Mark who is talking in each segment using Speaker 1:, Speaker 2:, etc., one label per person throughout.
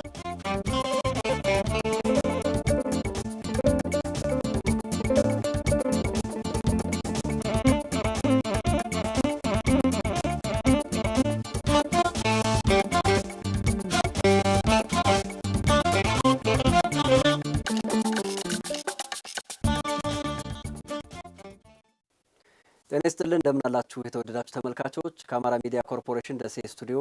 Speaker 1: ጤና ይስጥልን እንደምናላችሁ የተወደዳችሁ ተመልካቾች። ከአማራ ሚዲያ ኮርፖሬሽን ደሴ ስቱዲዮ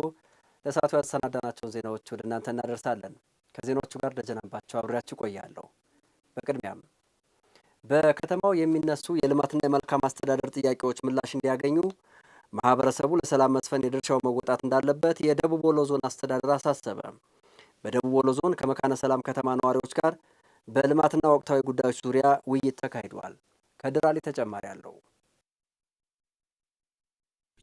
Speaker 1: ለሰዓቱ ያሰናዳናቸውን ዜናዎች ወደ እናንተ እናደርሳለን። ከዜናዎቹ ጋር ደጀናባቸው አብሬያችሁ ቆያለሁ። በቅድሚያም በከተማው የሚነሱ የልማትና የመልካም አስተዳደር ጥያቄዎች ምላሽ እንዲያገኙ ማህበረሰቡ ለሰላም መስፈን የድርሻው መወጣት እንዳለበት የደቡብ ወሎ ዞን አስተዳደር አሳሰበ። በደቡብ ወሎ ዞን ከመካነ ሰላም ከተማ ነዋሪዎች ጋር በልማትና ወቅታዊ ጉዳዮች ዙሪያ ውይይት ተካሂዷል። ከድራሌ ተጨማሪ አለው።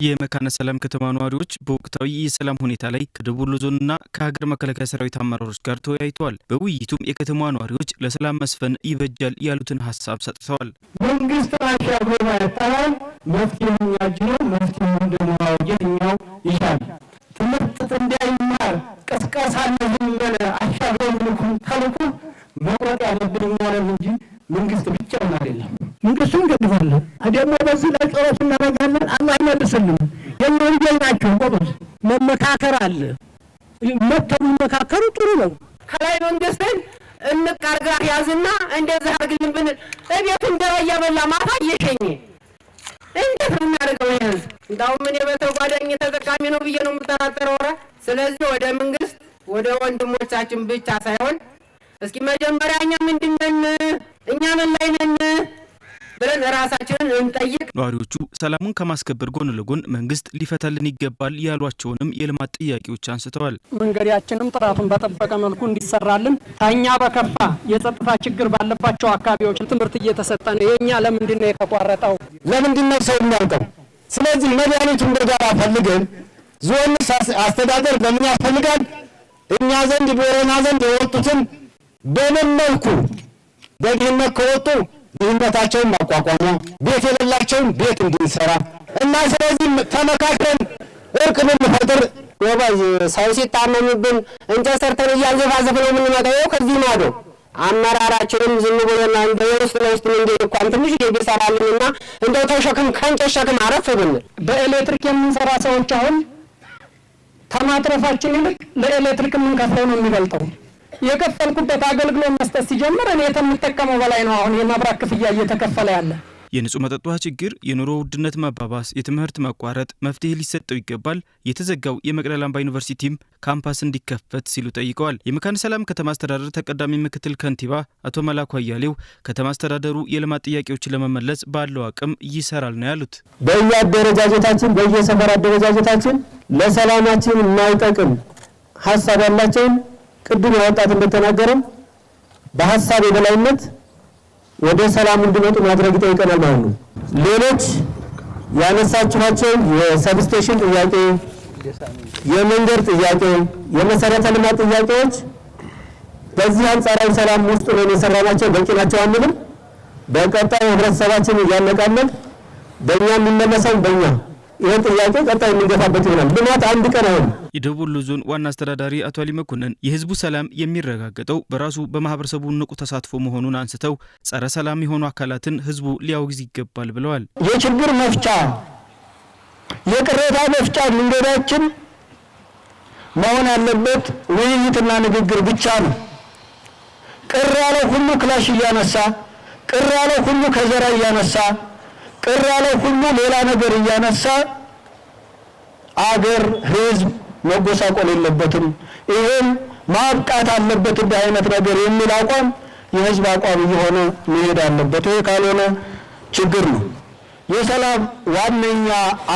Speaker 2: የመካነ ሰላም ከተማ ነዋሪዎች በወቅታዊ የሰላም ሁኔታ ላይ ከደቡብ ወሎ ዞንና ከሀገር መከላከያ ሰራዊት አመራሮች ጋር ተወያይተዋል። በውይይቱም የከተማ ነዋሪዎች ለሰላም መስፈን ይበጃል ያሉትን ሀሳብ ሰጥተዋል።
Speaker 3: መንግስት አሻግሮ መፍትሄ ያጅ መፍትሄ እንደማወጀ እኛው ይሻል ትምህርት እንዲያይ
Speaker 4: እምቅ ያዝና እንደዛ አድርግልን ብንል እቤቱን እንጀራ እያበላ ማታ እየሸኘ እንዴት ነው የሚያደርገው? ይህዝ እንዳውም እኔ በተጓዳኝ ተጠቃሚ ነው ብዬ ነው የምጠራጠረው። ኧረ ስለዚህ ወደ መንግስት ወደ ወንድሞቻችን ብቻ ሳይሆን እስኪ መጀመሪያ እኛ ምንድን ነን? እኛ ምን ላይ ነን? ራሳችንን እንጠይቅ።
Speaker 2: ነዋሪዎቹ ሰላሙን ከማስከበር ጎን ለጎን መንግስት ሊፈታልን ይገባል ያሏቸውንም የልማት ጥያቄዎች አንስተዋል። መንገዳችንም ጥራቱን በጠበቀ መልኩ እንዲሰራልን ታኛ በከፋ የጸጥታ ችግር ባለባቸው አካባቢዎች ትምህርት እየተሰጠ ነው። የእኛ ለምንድን ነው የተቋረጠው?
Speaker 3: ለምንድን ነው ሰው የሚያውቀው? ስለዚህ መድኃኒቱን በጋራ ፈልገን ዞን አስተዳደር ለምን ያስፈልጋል? እኛ ዘንድ በኦሮና ዘንድ የወጡትን በምን መልኩ በድህነት ከወጡ ድህነታቸውን ማቋቋሚያ ቤት የሌላቸውን ቤት እንድንሰራ እና ስለዚህ ተመካክረን እርቅ ብንፈጥር ወበዝ ሰው ሲታመምብን እንጨት ሰርተን እያንዘፋዘፍ ነው የምንመጣው። ከዚህ ማዶ አመራራችንም ዝም ብሎና በየውስጥ ለውስጥ መንገድ እንኳን ትንሽ ጌ ይሰራልንና እንደው ሸክም ከእንጨት ሸክም አረፍ ብንል በኤሌክትሪክ የምንሰራ ሰዎች አሁን ከማትረፋችን ይልቅ ለኤሌክትሪክ የምንከፍለው ነው የሚበልጠው። የከፈልኩበት አገልግሎት መስጠት ሲጀምር እኔ ከምጠቀመው በላይ ነው አሁን የመብራት ክፍያ እየተከፈለ ያለ።
Speaker 2: የንጹህ መጠጥ ውሃ ችግር፣ የኑሮ ውድነት መባባስ፣ የትምህርት መቋረጥ መፍትሄ ሊሰጠው ይገባል። የተዘጋው የመቅደላ አምባ ዩኒቨርሲቲም ካምፓስ እንዲከፈት ሲሉ ጠይቀዋል። የመካነ ሰላም ከተማ አስተዳደር ተቀዳሚ ምክትል ከንቲባ አቶ መላኩ አያሌው ከተማ አስተዳደሩ የልማት ጥያቄዎችን ለመመለስ ባለው አቅም ይሰራል ነው ያሉት።
Speaker 3: በየአደረጃጀታችን በየሰፈር አደረጃጀታችን ለሰላማችን የማይጠቅም ሀሳብ ያላቸውን ቅድም ያወጣት እንደተናገረም በሀሳብ የበላይነት ወደ ሰላም እንዲመጡ ማድረግ ይጠይቀናል ማለት ነው። ሌሎች ያነሳችኋቸው የሰብስቴሽን ጥያቄ፣ የመንገድ ጥያቄ፣ የመሰረተ ልማት ጥያቄዎች በዚህ አንጻራዊ ሰላም ውስጥ ነው የሰራናቸው። በቂ ናቸው አንልም። በቀጣይ ህብረተሰባችን እያነቃለን በእኛ የሚመለሰው በእኛ ይህን ጥያቄ ቀጣይ የምንገፋበት ይሆናል። ልማት አንድ ቀን አይሆንም።
Speaker 2: የደቡብ ወሎ ዞን ዋና አስተዳዳሪ አቶ አሊ መኮንን የህዝቡ ሰላም የሚረጋገጠው በራሱ በማህበረሰቡ ንቁ ተሳትፎ መሆኑን አንስተው ጸረ ሰላም የሆኑ አካላትን ህዝቡ ሊያወግዝ ይገባል ብለዋል።
Speaker 3: የችግር መፍቻ የቅሬታ መፍቻ መንገዳችን መሆን ያለበት ውይይትና ንግግር ብቻ ነው። ቅር ያለው ሁሉ ክላሽ እያነሳ ቅር ያለው ሁሉ ከዘራ እያነሳ ቅር ያለው ሁሉ ሌላ ነገር እያነሳ አገር ህዝብ መጎሳቆል የለበትም፣ ይህም ማብቃት አለበት እንዲህ አይነት ነገር የሚል አቋም የህዝብ አቋም እየሆነ መሄድ አለበት። ይሄ ካልሆነ ችግር ነው። የሰላም ዋነኛ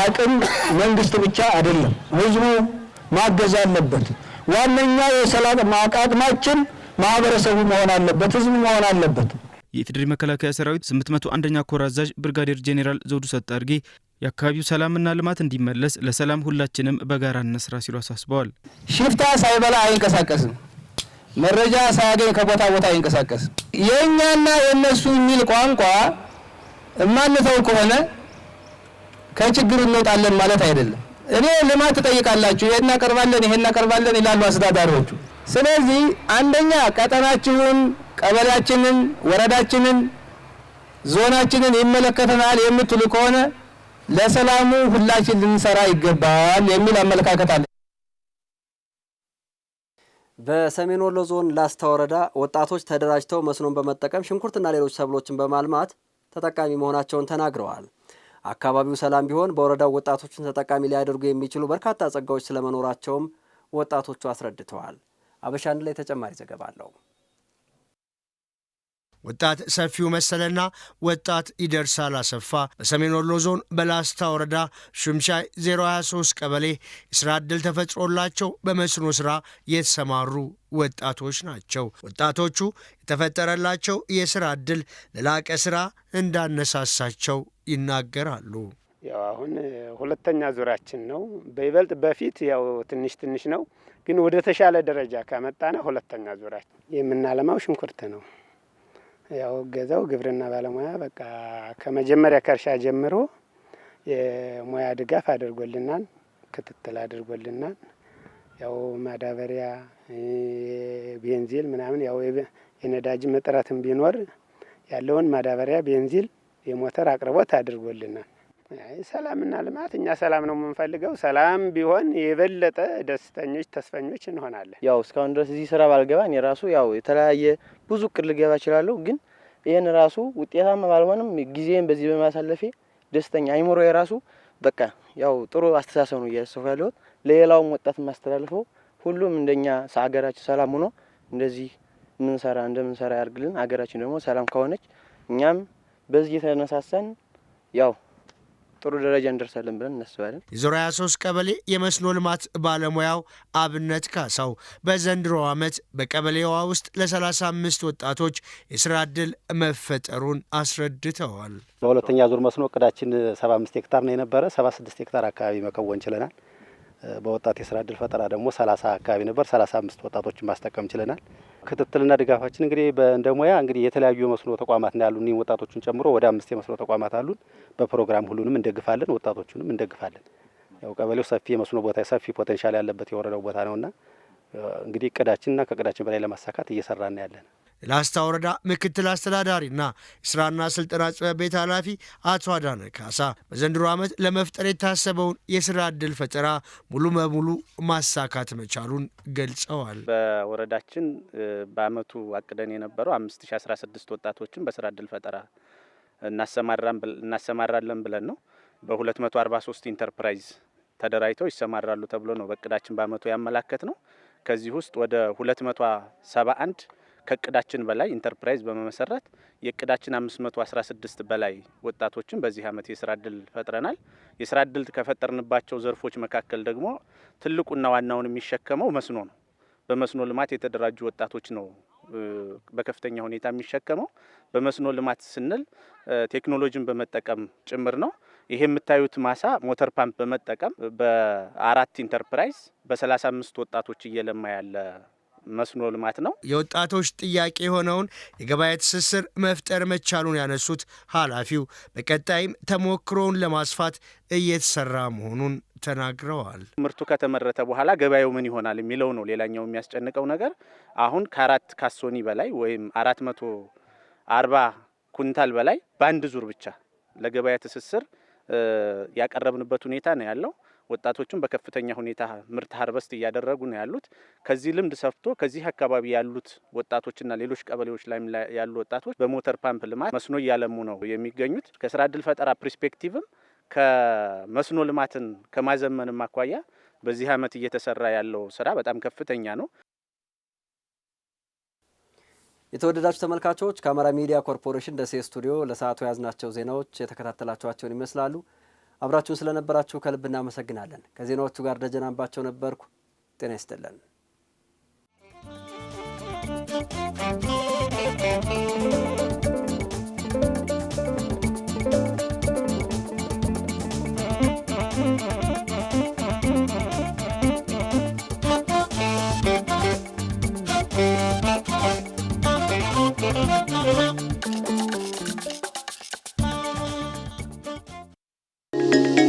Speaker 3: አቅም መንግስት ብቻ አይደለም፣ ህዝቡ ማገዝ አለበት። ዋነኛ የሰላም አቅማችን ማህበረሰቡ መሆን አለበት፣ ህዝቡ መሆን አለበት።
Speaker 2: የኢፌዴሪ መከላከያ ሰራዊት 801ኛ ኮር አዛዥ ብርጋዴር ጄኔራል ዘውዱ ሰጣርጌ የአካባቢው ሰላምና ልማት እንዲመለስ ለሰላም ሁላችንም በጋራ እንስራ ሲሉ አሳስበዋል።
Speaker 3: ሽፍታ ሳይበላ አይንቀሳቀስም፣ መረጃ ሳያገኝ ከቦታ ቦታ አይንቀሳቀስም። የእኛና የእነሱ የሚል ቋንቋ እማንተው ከሆነ ከችግር እንወጣለን ማለት አይደለም። እኔ ልማት ትጠይቃላችሁ፣ ይሄ እናቀርባለን፣ ይሄ እናቀርባለን ይላሉ አስተዳዳሪዎቹ። ስለዚህ አንደኛ ቀጠናችሁን ቀበሌያችንን፣ ወረዳችንን፣ ዞናችንን ይመለከተናል የምትሉ ከሆነ ለሰላሙ ሁላችን ልንሰራ ይገባል የሚል አመለካከት አለ።
Speaker 1: በሰሜን ወሎ ዞን ላስታ ወረዳ ወጣቶች ተደራጅተው መስኖን በመጠቀም ሽንኩርትና ሌሎች ሰብሎችን በማልማት ተጠቃሚ መሆናቸውን ተናግረዋል። አካባቢው ሰላም ቢሆን በወረዳው ወጣቶችን ተጠቃሚ ሊያደርጉ የሚችሉ በርካታ ጸጋዎች ስለመኖራቸውም ወጣቶቹ አስረድተዋል። አበሻንድ ላይ ተጨማሪ ዘገባ አለው።
Speaker 5: ወጣት ሰፊው መሰለና ወጣት ይደርሳል አሰፋ በሰሜን ወሎ ዞን በላስታ ወረዳ ሽምሻይ 023 ቀበሌ የስራ ዕድል ተፈጥሮላቸው በመስኖ ስራ የተሰማሩ ወጣቶች ናቸው። ወጣቶቹ የተፈጠረላቸው የስራ ዕድል ለላቀ ስራ እንዳነሳሳቸው ይናገራሉ።
Speaker 6: ያው አሁን ሁለተኛ ዙሪያችን ነው። በይበልጥ በፊት ያው ትንሽ ትንሽ ነው፣ ግን ወደ ተሻለ ደረጃ ከመጣነ ሁለተኛ ዙሪያችን የምናለማው ሽንኩርት ነው። ያወገዘው ግብርና ባለሙያ በቃ ከመጀመሪያ ከእርሻ ጀምሮ የሙያ ድጋፍ አድርጎልናል፣ ክትትል አድርጎልናል። ያው ማዳበሪያ፣ ቤንዚል ምናምን ያው የነዳጅ እጥረትም ቢኖር ያለውን ማዳበሪያ፣ ቤንዚል፣ የሞተር አቅርቦት አድርጎልናል። ሰላምና ልማት እኛ ሰላም ነው የምንፈልገው። ሰላም ቢሆን የበለጠ ደስተኞች፣ ተስፈኞች እንሆናለን። ያው እስካሁን ድረስ እዚህ ስራ ባልገባ እኔ ራሱ ያው የተለያየ ብዙ እቅድ ልገባ እችላለሁ፣ ግን ይህን ራሱ ውጤታማ ባልሆንም ጊዜን በዚህ በማሳለፌ ደስተኛ አይምሮ የራሱ በቃ ያው ጥሩ አስተሳሰብ ነው እያሰፉ ያለሁት። ለሌላውም ወጣት የማስተላልፈው ሁሉም እንደኛ ሀገራችን ሰላም ሆኖ እንደዚህ ምንሰራ እንደምንሰራ ያርግልን። ሀገራችን ደግሞ ሰላም ከሆነች እኛም በዚህ የተነሳሳን ያው ጥሩ ደረጃ እንደርሳለን ብለን እናስባለን።
Speaker 5: የዞሮ 23 ቀበሌ የመስኖ ልማት ባለሙያው አብነት ካሳው በዘንድሮ ዓመት በቀበሌዋ ውስጥ ለ35 ወጣቶች የስራ እድል መፈጠሩን አስረድተዋል።
Speaker 6: በሁለተኛ ዙር መስኖ እቅዳችን 75 ሄክታር ነው የነበረ 76 ሄክታር አካባቢ መከወን ችለናል። በወጣት የስራ እድል ፈጠራ ደግሞ ሰላሳ አካባቢ ነበር። ሰላሳ አምስት ወጣቶችን ማስጠቀም ችለናል። ክትትልና ድጋፋችን እንግዲህ እንደ ሙያ እንግዲህ የተለያዩ የመስኖ ተቋማት ነው ያሉን። ወጣቶቹን ጨምሮ ወደ አምስት የመስኖ ተቋማት አሉን። በፕሮግራም ሁሉንም እንደግፋለን፣ ወጣቶቹንም እንደግፋለን። ያው ቀበሌው ሰፊ የመስኖ ቦታ ሰፊ ፖቴንሻል ያለበት የወረደው ቦታ ነውና እንግዲህ እቅዳችንና ከእቅዳችን በላይ ለማሳካት እየሰራን ያለን
Speaker 5: የላስታ ወረዳ ምክትል አስተዳዳሪና ስራና ስልጠና ጽሕፈት ቤት ኃላፊ አቶ አዳነ ካሳ በዘንድሮ ዓመት ለመፍጠር የታሰበውን የስራ እድል ፈጠራ ሙሉ በሙሉ ማሳካት መቻሉን ገልጸዋል።
Speaker 6: በወረዳችን በአመቱ አቅደን የነበረው ስድስት ወጣቶችን በስራ እድል ፈጠራ እናሰማራለን ብለን ነው በሁለት መቶ አርባ ሶስት ኢንተርፕራይዝ ተደራጅተው ይሰማራሉ ተብሎ ነው በእቅዳችን በአመቱ ያመላከት ነው። ከዚህ ውስጥ ወደ አንድ ከእቅዳችን በላይ ኢንተርፕራይዝ በመመሰረት የእቅዳችን 516 በላይ ወጣቶችን በዚህ ዓመት የስራ እድል ፈጥረናል። የስራ እድል ከፈጠርንባቸው ዘርፎች መካከል ደግሞ ትልቁና ዋናውን የሚሸከመው መስኖ ነው። በመስኖ ልማት የተደራጁ ወጣቶች ነው በከፍተኛ ሁኔታ የሚሸከመው። በመስኖ ልማት ስንል ቴክኖሎጂን በመጠቀም ጭምር ነው። ይሄ የምታዩት ማሳ ሞተር ፓምፕ በመጠቀም በአራት ኢንተርፕራይዝ በ35 ወጣቶች እየለማ ያለ መስኖ ልማት ነው።
Speaker 5: የወጣቶች ጥያቄ የሆነውን የገበያ ትስስር መፍጠር መቻሉን ያነሱት ኃላፊው በቀጣይም ተሞክሮውን ለማስፋት እየተሰራ መሆኑን ተናግረዋል።
Speaker 6: ምርቱ ከተመረተ በኋላ ገበያው ምን ይሆናል የሚለው ነው ሌላኛው የሚያስጨንቀው ነገር። አሁን ከአራት ካሶኒ በላይ ወይም አራት መቶ አርባ ኩንታል በላይ በአንድ ዙር ብቻ ለገበያ ትስስር ያቀረብንበት ሁኔታ ነው ያለው። ወጣቶቹም በከፍተኛ ሁኔታ ምርት ሀርበስት እያደረጉ ነው ያሉት። ከዚህ ልምድ ሰፍቶ ከዚህ አካባቢ ያሉት ወጣቶችና ሌሎች ቀበሌዎች ላይ ያሉ ወጣቶች በሞተር ፓምፕ ልማት መስኖ እያለሙ ነው የሚገኙት። ከስራ እድል ፈጠራ ፕሪስፔክቲቭም ከመስኖ ልማትን ከማዘመንም አኳያ በዚህ አመት እየተሰራ ያለው ስራ በጣም ከፍተኛ ነው። የተወደዳችሁ ተመልካቾች ከአማራ ሚዲያ ኮርፖሬሽን ደሴ ስቱዲዮ ለሰዓቱ የያዝናቸው ዜናዎች የተከታተላችኋቸውን ይመስላሉ። አብራችሁን ስለነበራችሁ ከልብ እናመሰግናለን። ከዜናዎቹ ጋር ደጀን ነበርኩ። ጤና ይስጥልን።